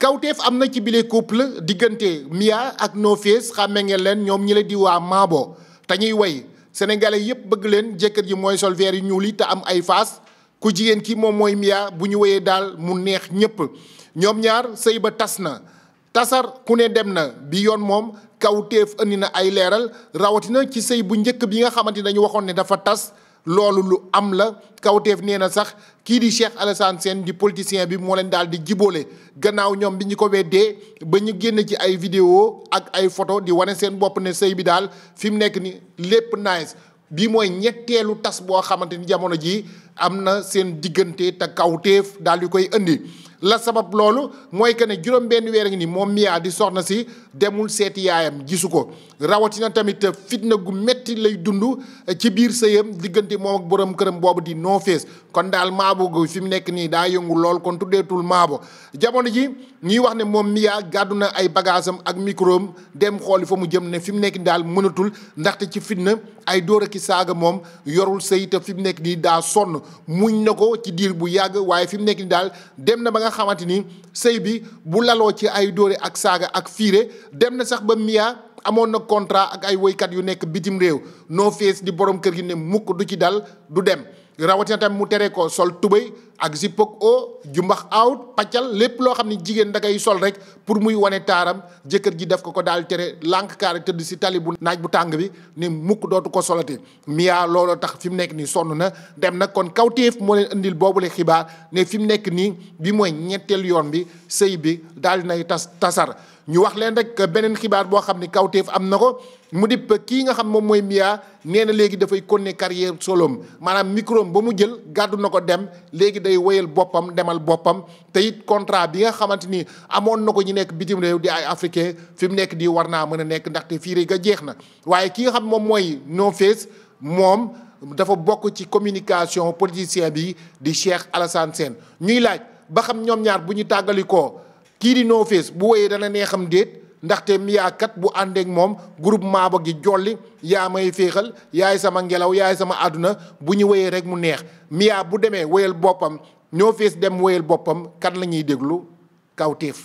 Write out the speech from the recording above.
kawteef am na ci bile couple diggante Mia ak Nofees xàmme ngeen leen ñoom ñi la di waa Maabo te ñuy woy sénégalais yépp bëgg leen jëkkër ji mooy sol verre yu ñuul te am ay faas ku jigéen ki moom mooy Mia bu ñu woyee daal mu neex ñépp ñoom ñaar sëy ba tas na tasar ku ne dem na bi yoon moom kawteef indi na ay leeral rawatina ci sëy bu njëkk bi nga xamante ne dañu waxoon ne dafa tas loolu lu am la kawteef nee na sax kii di Cheikh Alassane Sène di politicien bi moo leen daal di jiboole gannaaw ñoom bi ñu ko weddee ba ñu génn ci ay video ak ay photo di wane seen bopp ne sëy bi daal fi mu nekk ni lépp nice bi mooy ñetteelu tas boo xamante ni jamono jii am na seen diggante te kawteef daal di koy indi la sabab loolu mooy que ne juróom benn weer ngi ni moom Mia di soxna si demul seeti yaayam gisu ko rawatina tamit fitna gu metti lay dund ci biir sëyam diggante moom ak borom këram boobu di noo fees kon daal maabo fi mu nekk nii daa yëngu lool kon tuddeetul maabo jamono ji ñuy wax ne moom Mia gàddu na ay bagaasam ak microom dem xooli fa mu jëm ne fi mu nekk daal mënatul ndaxte ci fitna ay dóor ak i moom yorul sëy fi mu nekk nii daa sonn muñ na ko ci diir bu yàgg waaye fi mu nekk nii daal dem na ba nga xamante ni sëy bi bu laloo ci ay dóore ak saaga ak fiire dem na sax ba Mia amoon na contrat ak ay woykat yu nekk bitim réew noo fees di borom kër gi ne mukk du ci dal du dem rawatina tamit mu tere ko sol tubéy ak zipok o jumbax awt paccal lépp loo xam ne jigéen da koy sol rek pour muy wane taaram jëkkër ji def ko ko daal tere lànk kaara tëdd si tali bu naaj bu tàng bi ni mukk dootu ko solati Mia looloo tax fi mu nekk nii sonn na dem nag kon kawteef moo leen indil boobule xibaar ne fi mu nekk nii bi mooy ñetteel yoon bi sëy bi daal dinay tas tasar ñu wax leen rek beneen xibaar boo xam ni kawteef am na ko mu di kii nga xam moom mooy Mia nee na léegi dafay konne carrière solom maanaam micro ba mu jël gàddu na ko dem léegi day woyal boppam demal boppam te it contrat bi nga xamante ni amoon na ko ñu nekk bitim réew di ay africain fi mu nekk di war naa mën a nekk ndaxte fii rek nga jeex na waaye ki nga xam moom mooy noo fees moom dafa bokk ci communication politicien bi di Cheikh Alassane Sène ñuy laaj ba xam ñoom ñaar bu ñu tàggalikoo kii di No Face bu woyee dana neexam déet ndaxte miyaa kat bu àndeek moom groupement ba gi jolli yaa may féexal yaay sama ngelaw yaay sama àdduna bu ñu wéyee rek mu neex miyaa bu demee woyal boppam ñoo fees dem woyal boppam kan la ñuy déglu kawteef